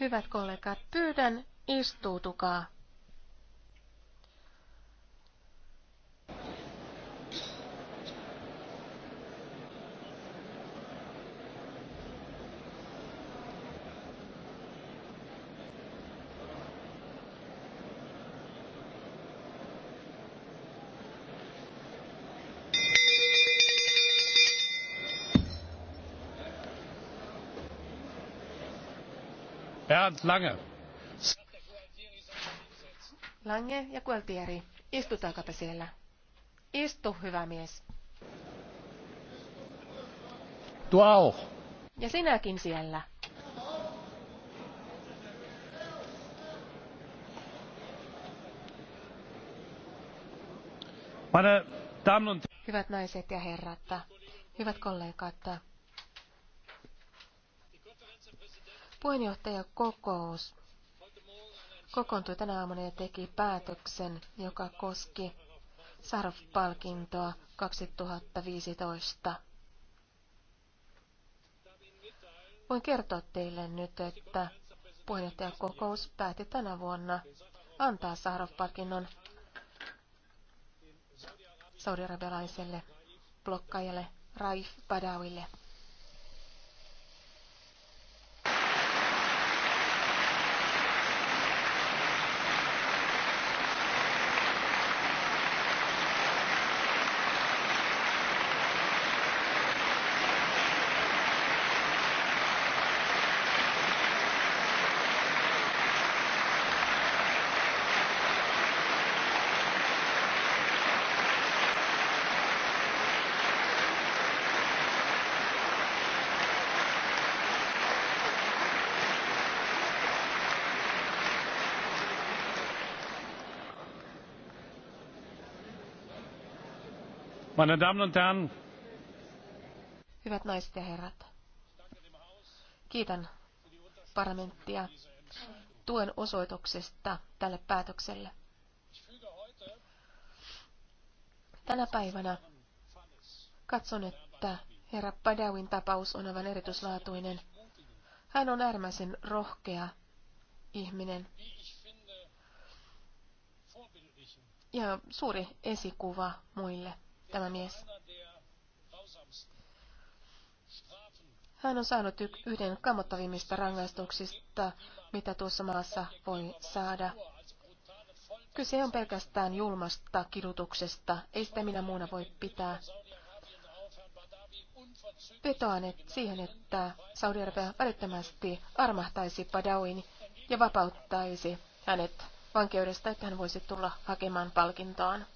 Hyvät kollegat, pyydän istuutukaa. Bernd Lange. Lange ja Gualtieri, istutaanpa siellä. Istu, hyvä mies. Du auch. Ja sinäkin siellä. Hyvät naiset ja herrat, hyvät kollegat, Puheenjohtajakokous kokoontui tänä aamuna ja teki päätöksen, joka koski Sarf-palkintoa 2015. Voin kertoa teille nyt, että puheenjohtajakokous päätti tänä vuonna antaa sarf palkinnon saudi-arabialaiselle blokkaajalle Raif Badawille. Meine Damen und Herren. Hyvät naiset ja herrat. Kiitän parlamenttia tuen osoituksesta tälle päätökselle. Tänä päivänä katson, että herra Padawin tapaus on aivan erityislaatuinen. Hän on äärimmäisen rohkea ihminen ja suuri esikuva muille tämä mies. Hän on saanut yhden kammottavimmista rangaistuksista, mitä tuossa maassa voi saada. Kyse on pelkästään julmasta kidutuksesta, ei sitä minä muuna voi pitää. Vetoan et siihen, että Saudi-Arabia välittömästi armahtaisi Badawin ja vapauttaisi hänet vankeudesta, että hän voisi tulla hakemaan palkintoaan.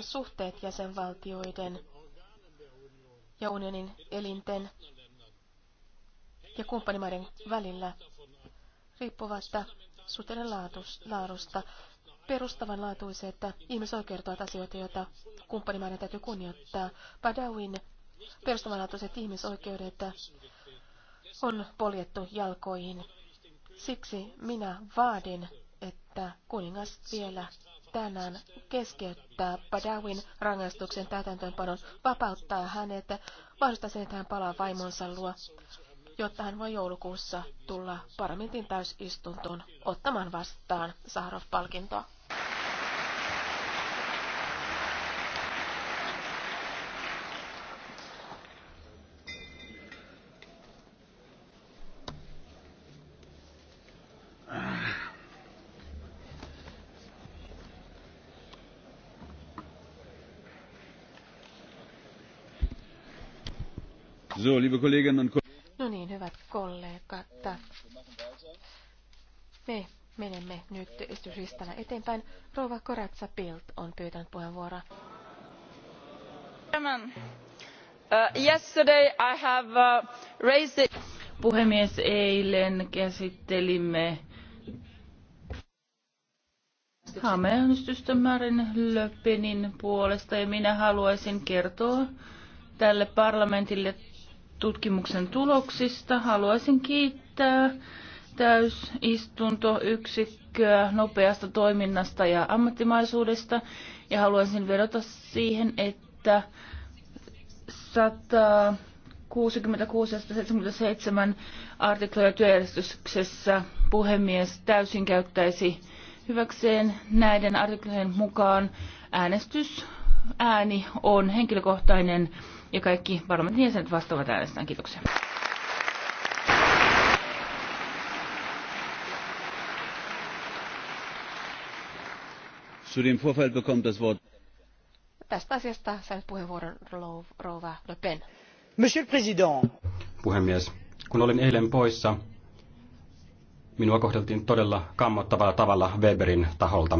suhteet jäsenvaltioiden ja unionin elinten ja kumppanimaiden välillä riippuvasta suhteiden laadusta perustavanlaatuiset ihmisoikeudet ovat asioita, joita kumppanimaiden täytyy kunnioittaa. Badawin perustavanlaatuiset ihmisoikeudet on poljettu jalkoihin. Siksi minä vaadin, että kuningas vielä tänään keskeyttää Badawin rangaistuksen täytäntöönpanon, vapauttaa hänet, vahvistaa sen, että hän palaa vaimonsa luo, jotta hän voi joulukuussa tulla parlamentin täysistuntoon ottamaan vastaan Saharov-palkintoa. So, liebe Kolleginnen und Kollegen. No niin, hyvät kollegat. Me menemme nyt esityslistalla eteenpäin. Rova Koratsa Pilt on pyytänyt puheenvuoroa. Uh, yesterday I have uh, raised it. Puhemies, eilen käsittelimme Hameäänestystä Marin Löppinin puolesta ja minä haluaisin kertoa tälle parlamentille tutkimuksen tuloksista. Haluaisin kiittää täysistuntoyksikköä nopeasta toiminnasta ja ammattimaisuudesta ja haluaisin vedota siihen, että 166 177 artikloja työjärjestyksessä puhemies täysin käyttäisi hyväkseen näiden artiklojen mukaan äänestys ääni on henkilökohtainen ja kaikki parlamentin jäsenet vastaavat äänestään. Kiitoksia. Tästä asiasta sai puheenvuoron rouva Le Pen. Monsieur le Président. Puhemies, kun olin eilen poissa, minua kohdeltiin todella kammottavalla tavalla Weberin taholta.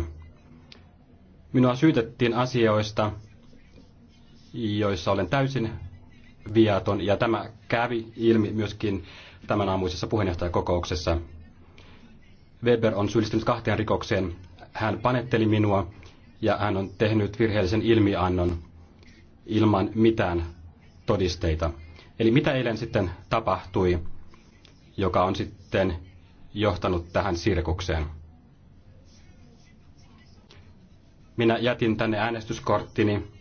Minua syytettiin asioista, joissa olen täysin viaton, ja tämä kävi ilmi myöskin tämän aamuisessa puheenjohtajakokouksessa. Weber on syyllistynyt kahteen rikokseen. Hän panetteli minua ja hän on tehnyt virheellisen ilmiannon ilman mitään todisteita. Eli mitä eilen sitten tapahtui, joka on sitten johtanut tähän sirkukseen? Minä jätin tänne äänestyskorttini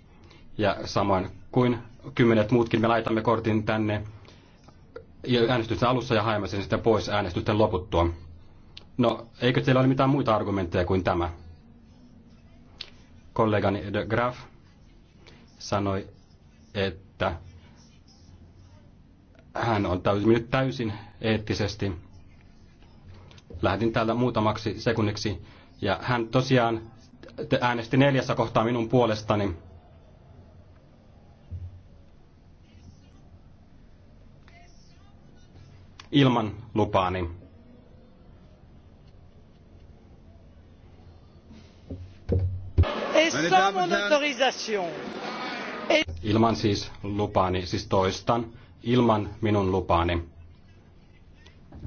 ja samoin kuin kymmenet muutkin me laitamme kortin tänne äänestyksen alussa ja haemme sen sitten pois äänestysten loputtua. No, eikö teillä ole mitään muita argumentteja kuin tämä? Kollegani de Graf sanoi, että hän on täysin, nyt täysin eettisesti. Lähdin täältä muutamaksi sekunniksi ja hän tosiaan äänesti neljässä kohtaa minun puolestani. ilman lupaani. Ilman siis lupaani, siis toistan, ilman minun lupaani.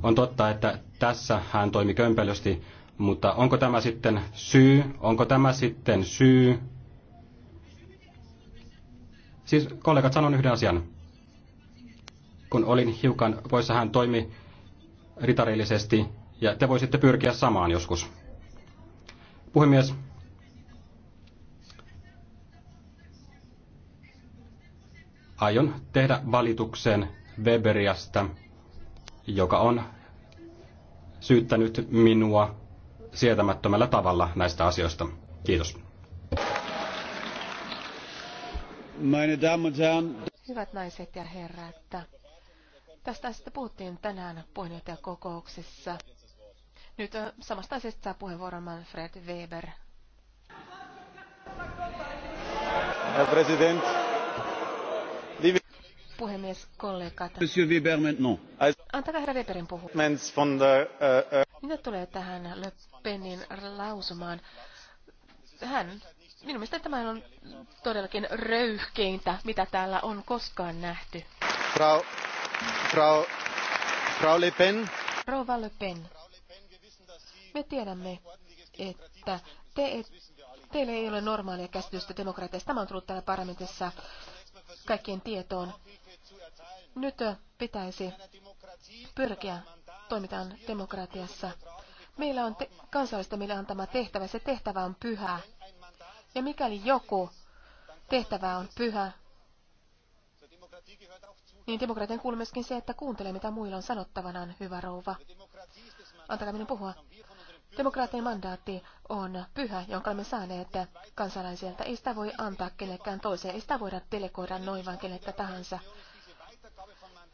On totta, että tässä hän toimi kömpelösti, mutta onko tämä sitten syy? Onko tämä sitten syy? Siis kollegat, sanon yhden asian kun olin hiukan poissa, hän toimi ritarillisesti ja te voisitte pyrkiä samaan joskus. Puhemies, aion tehdä valituksen Weberiasta, joka on syyttänyt minua sietämättömällä tavalla näistä asioista. Kiitos. Hyvät naiset ja herrat, Tästä sitten puhuttiin tänään puheenjohtajakokouksessa. Nyt samasta asiasta saa puheenvuoron Manfred Weber. Herr Puhemies, kollegat. Monsieur Weber maintenant. Antakaa herra Weberin puhua. Mitä tulee tähän Le Penin lausumaan? Hän minun mielestä tämä on todellakin röyhkeintä, mitä täällä on koskaan nähty. Frau Frau, Frau Le Pen. Rouva Le Pen. Me tiedämme, että te et, teille ei ole normaalia käsitystä demokratiasta. Tämä on tullut täällä parlamentissa kaikkien tietoon. Nyt pitäisi pyrkiä toimitaan demokratiassa. Meillä on te- kansallista meille antama tehtävä. Se tehtävä on pyhä. Ja mikäli joku tehtävä on pyhä, niin demokratian kuuluu myöskin se, että kuuntelee, mitä muilla on sanottavanaan, hyvä rouva. Antakaa minun puhua. Demokraattien mandaatti on pyhä, jonka olemme saaneet kansalaisilta. Ei sitä voi antaa kenellekään toiseen. Ei sitä voida delegoida noin vaan kenelle tahansa.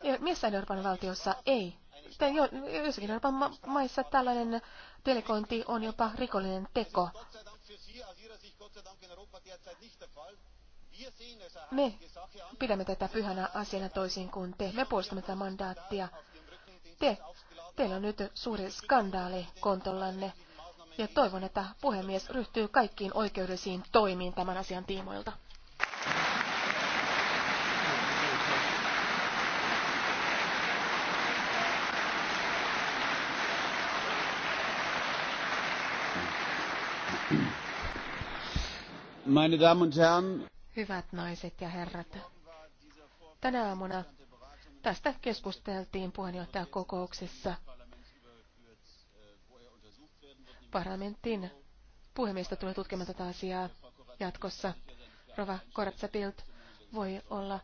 Ja missä Euroopan valtiossa ei. Jo, jossakin Euroopan ma- maissa tällainen delegointi on jopa rikollinen teko. Me pidämme tätä pyhänä asiana toisin kuin te. Me poistamme tätä mandaattia. Te, teillä on nyt suuri skandaali kontollanne. Ja toivon, että puhemies ryhtyy kaikkiin oikeudellisiin toimiin tämän asian tiimoilta. Meine Damen und Herren, Hyvät naiset ja herrat, tänä aamuna tästä keskusteltiin puheenjohtajakokouksessa. Parlamentin puhemiestä tulee tutkimaan tätä asiaa jatkossa. Rova Korpsepilt voi olla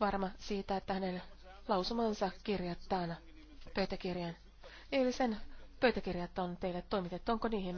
varma siitä, että hänen lausumansa kirjattaan pöytäkirjan. Eilisen pöytäkirjat on teille toimitettu. Onko niihin